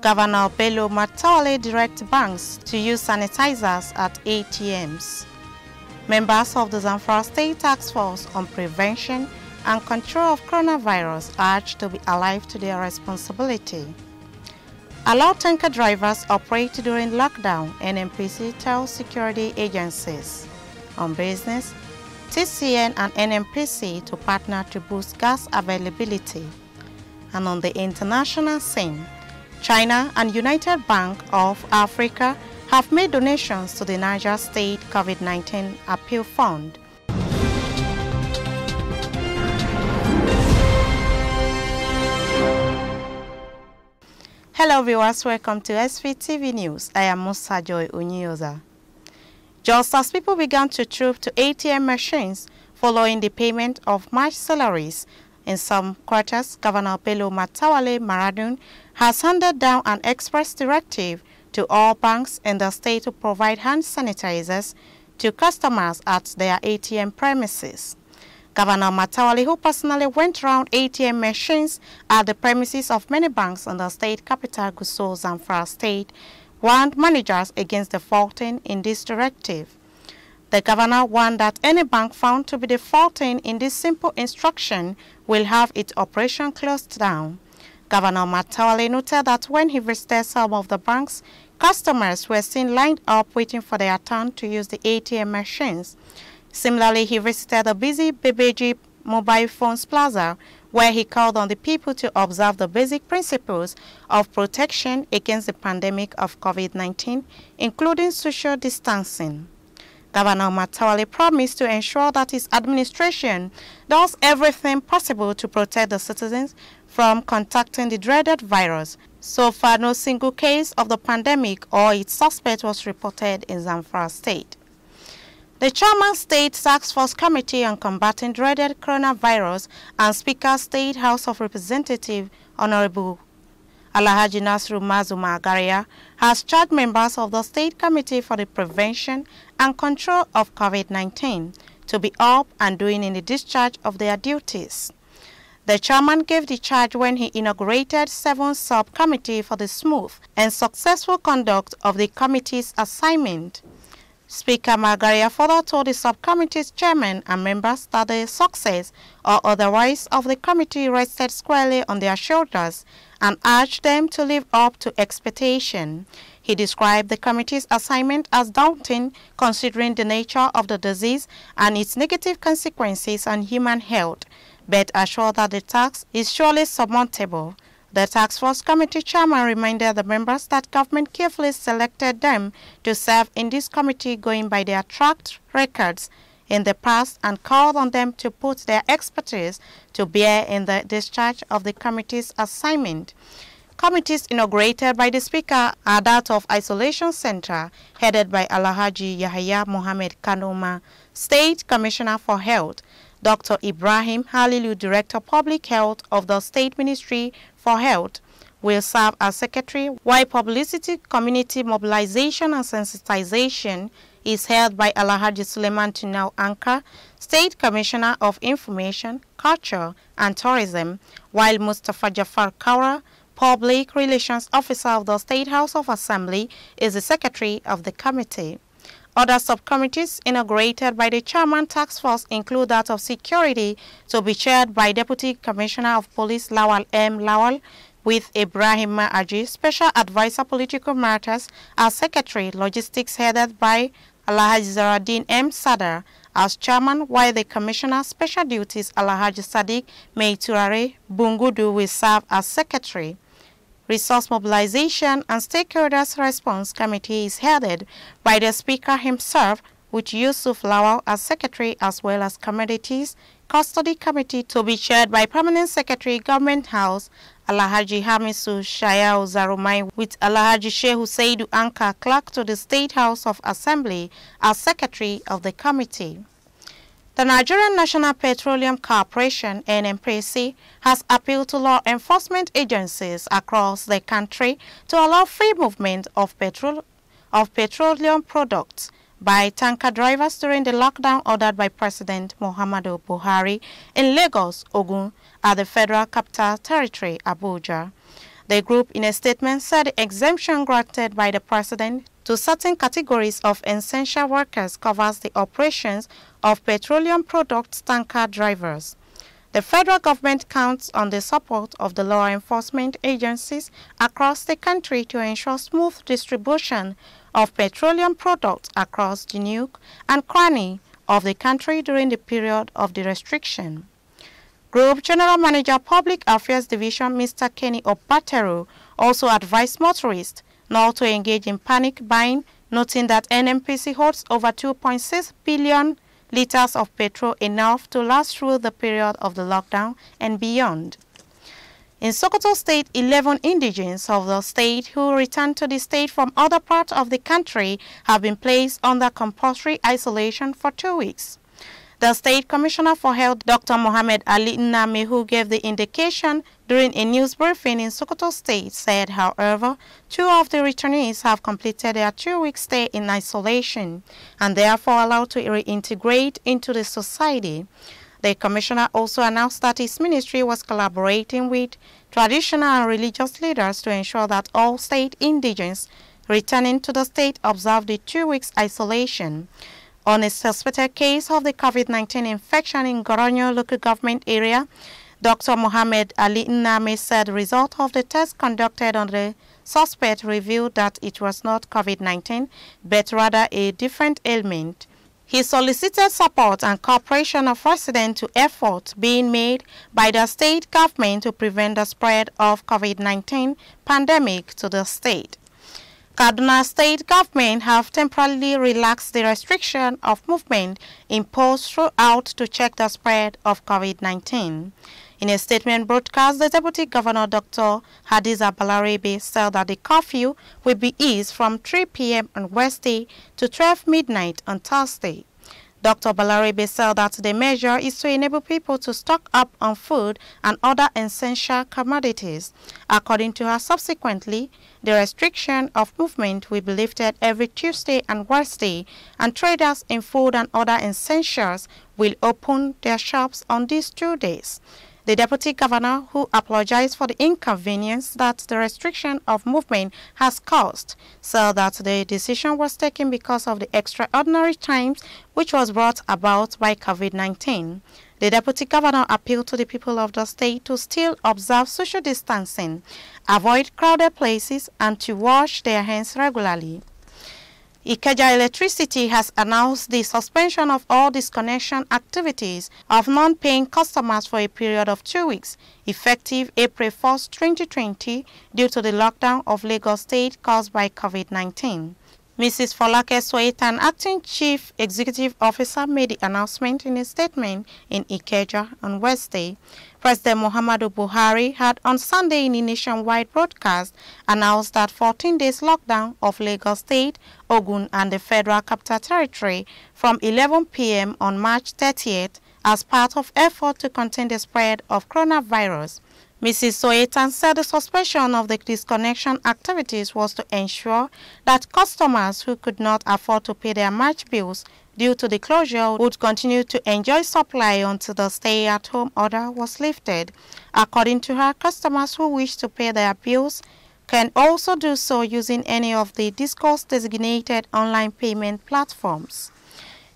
Governor Bello Matole directs banks to use sanitizers at ATMs. Members of the Zamfara State Task Force on Prevention and Control of Coronavirus are urged to be alive to their responsibility allow tanker drivers operate during lockdown and NPC tell security agencies. On business, TCN and NMPC to partner to boost gas availability. And on the international scene, China and United Bank of Africa have made donations to the Niger State COVID-19 Appeal Fund. Hello viewers, welcome to SVTV News. I am Musa Joy Unyoza. Just as people began to troop to ATM machines following the payment of March salaries, in some quarters, Governor Pelo Matawale Maradun has handed down an express directive to all banks in the state to provide hand sanitizers to customers at their ATM premises. Governor Matawali, who personally went round ATM machines at the premises of many banks in the state capital Gusau Zamfara State, warned managers against defaulting in this directive. The governor warned that any bank found to be defaulting in this simple instruction will have its operation closed down. Governor Matawale noted that when he visited some of the banks, customers were seen lined up waiting for their turn to use the ATM machines. Similarly, he visited a busy BBG Mobile Phones Plaza, where he called on the people to observe the basic principles of protection against the pandemic of COVID-19, including social distancing. Governor Matawale promised to ensure that his administration does everything possible to protect the citizens from contacting the dreaded virus. So far, no single case of the pandemic or its suspect was reported in Zamfara State. The Chairman State Task Force Committee on Combating Dreaded Coronavirus and Speaker State House of Representatives Honorable Alahaji Nasru Mazuma Agaria has charged members of the State Committee for the Prevention and Control of COVID-19 to be up and doing in the discharge of their duties. The chairman gave the charge when he inaugurated seven subcommittee for the smooth and successful conduct of the committee's assignment. Speaker Margaria further told the subcommittee's chairman and members that the success or otherwise of the committee rested squarely on their shoulders and urged them to live up to expectation. He described the committee's assignment as daunting considering the nature of the disease and its negative consequences on human health, but assured that the task is surely surmountable. The task force committee chairman reminded the members that government carefully selected them to serve in this committee going by their track records in the past and called on them to put their expertise to bear in the discharge of the committee's assignment. Committees inaugurated by the Speaker are that of Isolation Center, headed by Alahaji Yahya Mohamed Kanuma, State Commissioner for Health, Dr. Ibrahim Halilu, Director Public Health of the State Ministry for Health, will serve as secretary while publicity, community mobilization and sensitization is held by Alahaji Suleiman Tunal Anka, State Commissioner of Information, Culture and Tourism, while Mustafa Jafar Kaura, Public Relations Officer of the State House of Assembly, is the secretary of the committee. Other subcommittees inaugurated by the chairman task force include that of security to be chaired by Deputy Commissioner of Police Lawal M. Lawal with Ibrahim Aji, Special Advisor Political Matters, as Secretary Logistics headed by Alhaji Zaradin M. Sadar as chairman, while the commissioner special duties Alhaji Sadiq Meiturare Bungudu will serve as secretary. Resource Mobilization and Stakeholders Response Committee is headed by the Speaker himself, with Yusuf Lawal as Secretary as well as Commodities Custody Committee to be chaired by Permanent Secretary Government House Alahaji Hamisu Shayao Zarumai with Alahaji Shehu Seidu Anka Clerk to the State House of Assembly as Secretary of the Committee. The Nigerian National Petroleum Corporation, NMPC, has appealed to law enforcement agencies across the country to allow free movement of, petrol of petroleum products by tanker drivers during the lockdown ordered by President Muhammadu Buhari in Lagos, Ogun, at the Federal Capital Territory, Abuja. The group in a statement said exemption granted by the president to certain categories of essential workers covers the operations of petroleum products tanker drivers. The federal government counts on the support of the law enforcement agencies across the country to ensure smooth distribution of petroleum products across the nuke and cranny of the country during the period of the restriction. Group General Manager Public Affairs Division Mr. Kenny Opatero also advised motorists not to engage in panic buying, noting that NMPC holds over 2.6 billion litres of petrol enough to last through the period of the lockdown and beyond. In Sokoto State, 11 indigents of the state who returned to the state from other parts of the country have been placed under compulsory isolation for two weeks. The State Commissioner for Health, Dr. Mohamed Ali Nami, who gave the indication during a news briefing in Sokoto State, said, however, two of the returnees have completed their two-week stay in isolation and therefore allowed to reintegrate into the society. The commissioner also announced that his ministry was collaborating with traditional and religious leaders to ensure that all state indigents returning to the state observe the two weeks isolation on a suspected case of the COVID-19 infection in Goronyo local government area. Dr. Mohamed Ali Nami said the result of the test conducted on the suspect revealed that it was not COVID-19, but rather a different ailment. He solicited support and cooperation of residents to efforts being made by the state government to prevent the spread of COVID-19 pandemic to the state. Kaduna State government have temporarily relaxed the restriction of movement imposed throughout to check the spread of COVID-19. In a statement broadcast, the Deputy Governor Dr. Hadiza Balaribe said that the curfew will be eased from 3 p.m. on Wednesday to 12 midnight on Thursday. Dr. Balarebe said that the measure is to enable people to stock up on food and other essential commodities. According to her, subsequently, the restriction of movement will be lifted every Tuesday and Wednesday, and traders in food and other essentials will open their shops on these two days. The deputy governor, who apologized for the inconvenience that the restriction of movement has caused, said that the decision was taken because of the extraordinary times which was brought about by COVID-19. The deputy governor appealed to the people of the state to still observe social distancing, avoid crowded places, and to wash their hands regularly. Ikeja Electricity has announced the suspension of all disconnection activities of non-paying customers for a period of two weeks, effective April 1, 2020, due to the lockdown of Lagos State caused by COVID-19. Mrs. Folake Swaitan, acting chief executive officer, made the announcement in a statement in Ikeja on Wednesday. President Muhammadu Buhari had on Sunday in a nationwide broadcast announced that 14 days lockdown of Lagos State, Ogun and the Federal Capital Territory from 11 p.m. on March 30th as part of effort to contain the spread of coronavirus. Mrs. Soetan said the suspension of the disconnection activities was to ensure that customers who could not afford to pay their March bills due to the closure would continue to enjoy supply until the stay-at-home order was lifted. According to her, customers who wish to pay their bills can also do so using any of the discourse designated online payment platforms.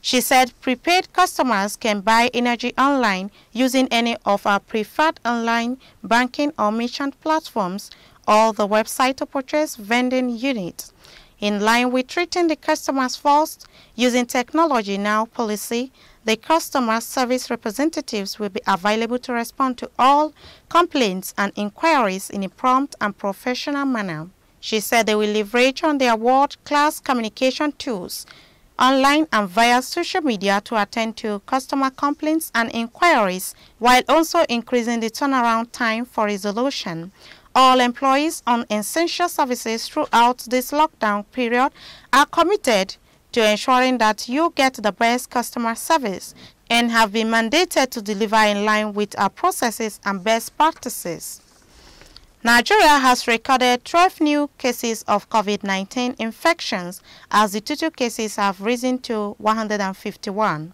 She said prepaid customers can buy energy online using any of our preferred online banking or merchant platforms or the website to purchase vending units. In line with treating the customers first, using Technology Now policy, the customer service representatives will be available to respond to all complaints and inquiries in a prompt and professional manner. She said they will leverage on their world-class communication tools online and via social media to attend to customer complaints and inquiries while also increasing the turnaround time for resolution. All employees on essential services throughout this lockdown period are committed to ensuring that you get the best customer service and have been mandated to deliver in line with our processes and best practices. Nigeria has recorded 12 new cases of COVID-19 infections as the total cases have risen to 151.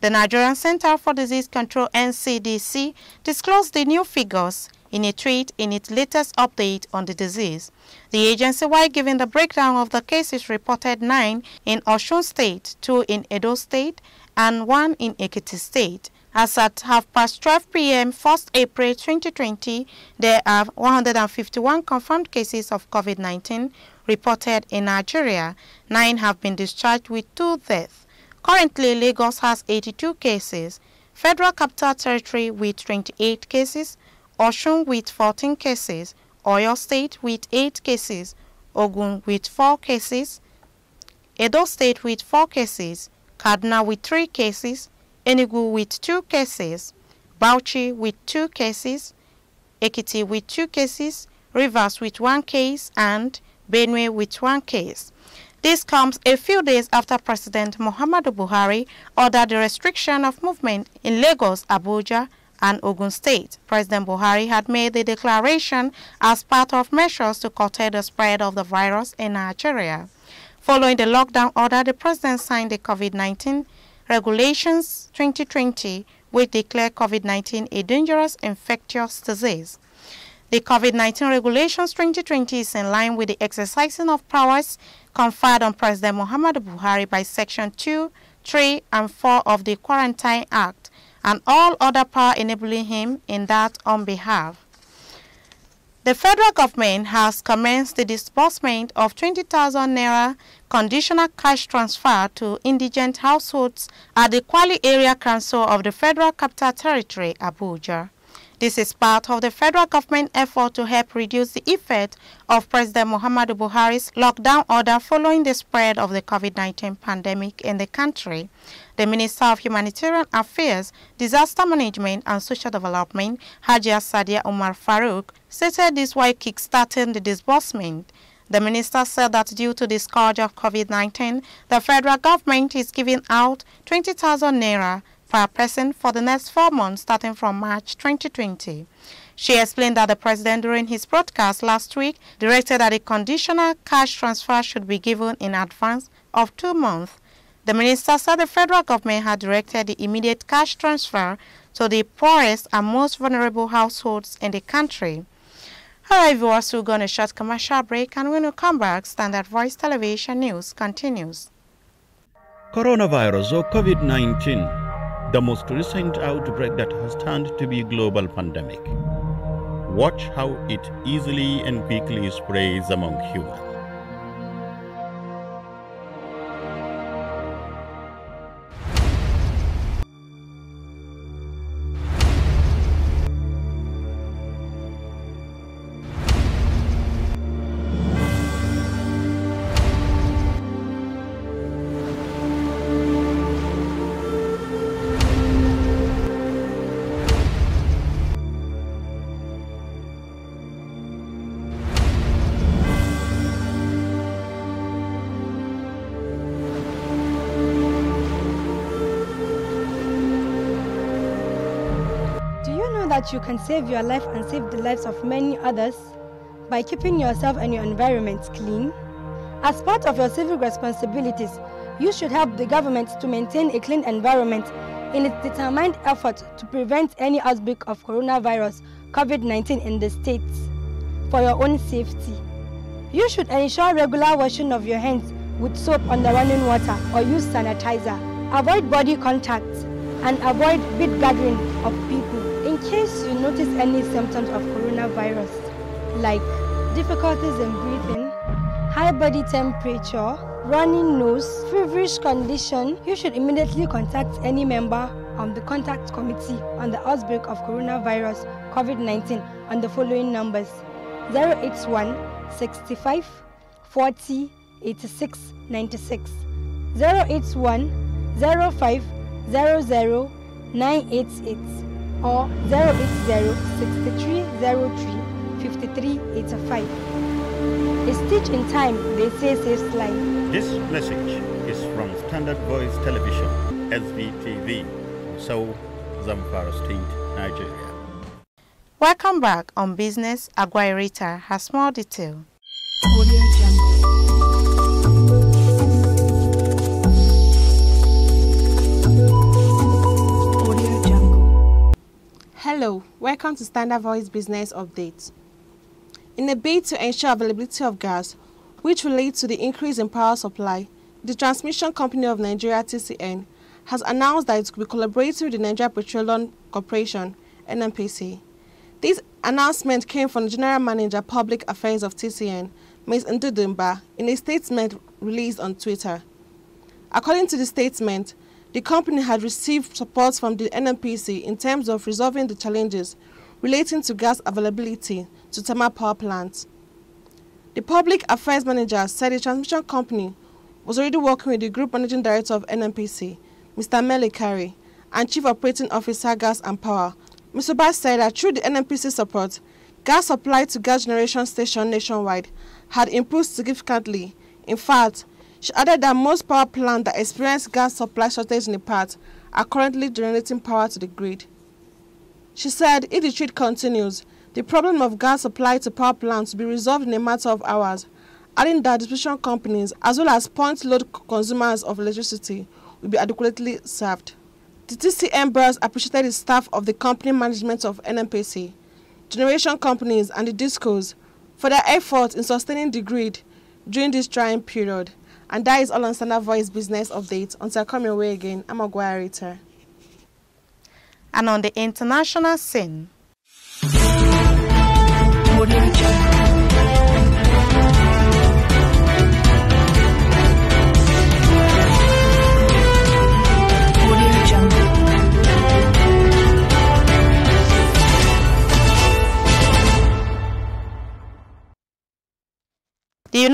The Nigerian Center for Disease Control NCDC disclosed the new figures in a tweet in its latest update on the disease. The agency, while giving the breakdown of the cases, reported nine in Osun State, two in Edo State, and one in Ekiti State as at half past 12 p.m. 1st April 2020, there are 151 confirmed cases of COVID-19 reported in Nigeria. Nine have been discharged with two deaths. Currently, Lagos has 82 cases, Federal Capital Territory with 28 cases, Oshun with 14 cases, Oyo State with 8 cases, Ogun with 4 cases, Edo State with 4 cases, Kaduna with 3 cases, Enugu with two cases, Bauchi with two cases, Ekiti with two cases, Rivers with one case, and Benue with one case. This comes a few days after President Muhammadu Buhari ordered the restriction of movement in Lagos, Abuja, and Ogun State. President Buhari had made the declaration as part of measures to curtail the spread of the virus in Nigeria. Following the lockdown order, the president signed the COVID-19 Regulations 2020 which declare COVID-19 a dangerous infectious disease. The COVID-19 Regulations 2020 is in line with the exercising of powers conferred on President Muhammad Buhari by Section 2, 3, and 4 of the Quarantine Act and all other power enabling him in that on behalf. The federal government has commenced the disbursement of 20,000 naira conditional cash transfer to indigent households at the Kwali Area Council of the Federal Capital Territory, Abuja. This is part of the federal government effort to help reduce the effect of President Muhammadu Buhari's lockdown order following the spread of the COVID-19 pandemic in the country. The Minister of Humanitarian Affairs, Disaster Management and Social Development, Hajia Sadia Omar Farouk, stated this while kickstarting the disbursement. The minister said that due to the scourge of COVID-19, the federal government is giving out 20,000 naira per person for the next four months starting from March 2020. She explained that the president during his broadcast last week directed that a conditional cash transfer should be given in advance of two months the minister said the federal government had directed the immediate cash transfer to the poorest and most vulnerable households in the country. Alright viewers, we're going to short commercial break and when we come back, Standard Voice Television News continues. Coronavirus or COVID-19, the most recent outbreak that has turned to be a global pandemic. Watch how it easily and quickly spreads among humans. know that you can save your life and save the lives of many others by keeping yourself and your environment clean? As part of your civic responsibilities, you should help the government to maintain a clean environment in its determined effort to prevent any outbreak of coronavirus COVID-19 in the states. for your own safety. You should ensure regular washing of your hands with soap on the running water or use sanitizer. Avoid body contact and avoid big gathering of people case you notice any symptoms of coronavirus, like difficulties in breathing, high body temperature, running nose, feverish condition, you should immediately contact any member of the contact committee on the outbreak of coronavirus COVID-19 on the following numbers 081 65 40 86 96 081 05 00 988 or 080-6303-5385. A stitch in time, they say saves life. This message is from Standard Voice Television, SVTV, Seoul, Zamfara State, Nigeria. Welcome back on Business Aguirita has more detail. Hello, welcome to Standard Voice Business Update. In a bid to ensure availability of gas, which will lead to the increase in power supply, the Transmission Company of Nigeria TCN has announced that it will be collaborating with the Nigeria Petroleum Corporation NNPC. This announcement came from the General Manager Public Affairs of TCN, Ms. Ndudumba, in a statement released on Twitter. According to the statement, the company had received support from the NMPC in terms of resolving the challenges relating to gas availability to thermal power plants. The public affairs manager said the transmission company was already working with the group managing director of NMPC, Mr. Mele Kari, and chief operating officer gas and power. Mr. Bass said that through the NMPC support, gas supply to gas generation stations nationwide had improved significantly. In fact, she added that most power plants that experience gas supply shortages in the past are currently generating power to the grid. She said if the trend continues, the problem of gas supply to power plants will be resolved in a matter of hours, adding that distribution companies as well as point load consumers of electricity will be adequately served. The TCM Brass appreciated the staff of the company management of NMPC, generation companies and the discos for their efforts in sustaining the grid during this trying period. And that is all on Standard Voice Business Update. Until I come your way again, I'm Agua Rita. And on the international scene.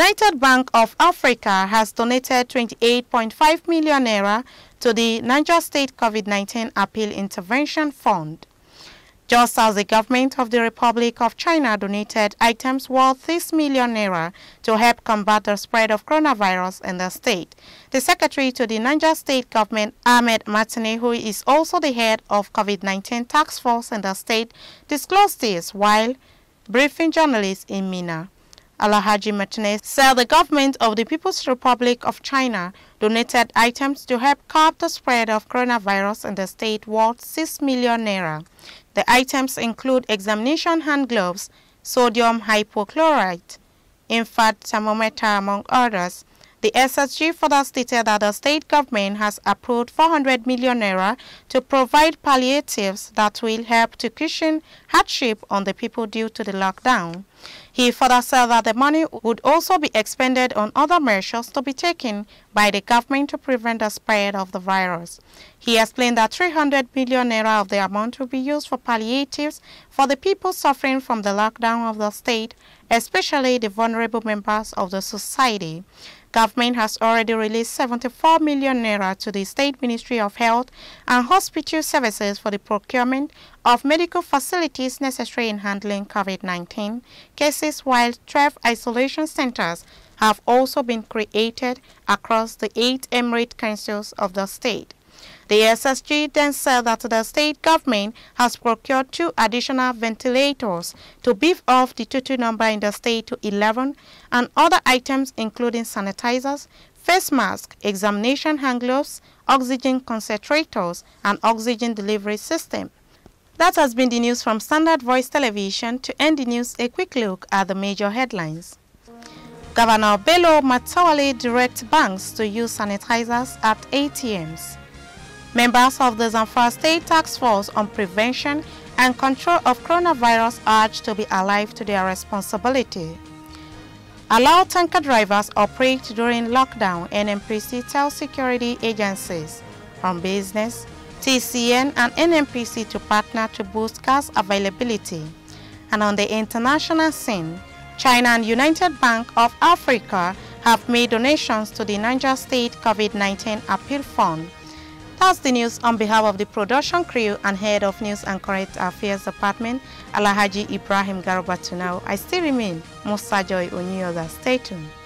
United Bank of Africa has donated 28.5 million naira to the Niger State COVID-19 Appeal Intervention Fund. Just as the government of the Republic of China donated items worth 6 million naira to help combat the spread of coronavirus in the state, the secretary to the Niger State government, Ahmed Matine, who is also the head of COVID-19 task force in the state, disclosed this while briefing journalists in Mina. Alahaji Martinez said the government of the People's Republic of China donated items to help curb the spread of coronavirus in the state worth 6 million naira. The items include examination hand gloves, sodium hypochlorite, infant thermometer among others. The SSG further stated that the state government has approved 400 million naira to provide palliatives that will help to cushion hardship on the people due to the lockdown. He further said that the money would also be expended on other measures to be taken by the government to prevent the spread of the virus. He explained that 300 million naira of the amount will be used for palliatives for the people suffering from the lockdown of the state, especially the vulnerable members of the society. Government has already released 74 million naira to the State Ministry of Health and Hospital Services for the procurement of medical facilities necessary in handling COVID-19 cases while 12 isolation centers have also been created across the eight emirate councils of the state. The SSG then said that the state government has procured two additional ventilators to beef up the total number in the state to 11 and other items including sanitizers, face masks, examination hand gloves, oxygen concentrators, and oxygen delivery system. That has been the news from Standard Voice Television. To end the news, a quick look at the major headlines. Governor Bello Matawale directs banks to use sanitizers at ATMs. Members of the Zamfara State Tax Force on Prevention and Control of Coronavirus urge to be alive to their responsibility. Allow tanker drivers operate during lockdown NMPC tells security agencies from business, TCN and NMPC to partner to boost gas availability. And on the international scene, China and United Bank of Africa have made donations to the Niger State COVID-19 Appeal Fund that's the news on behalf of the production crew and head of News and Current Affairs Department, Alahaji Ibrahim Garubatunao. I still remain Musa Joy Onyoga. Stay tuned.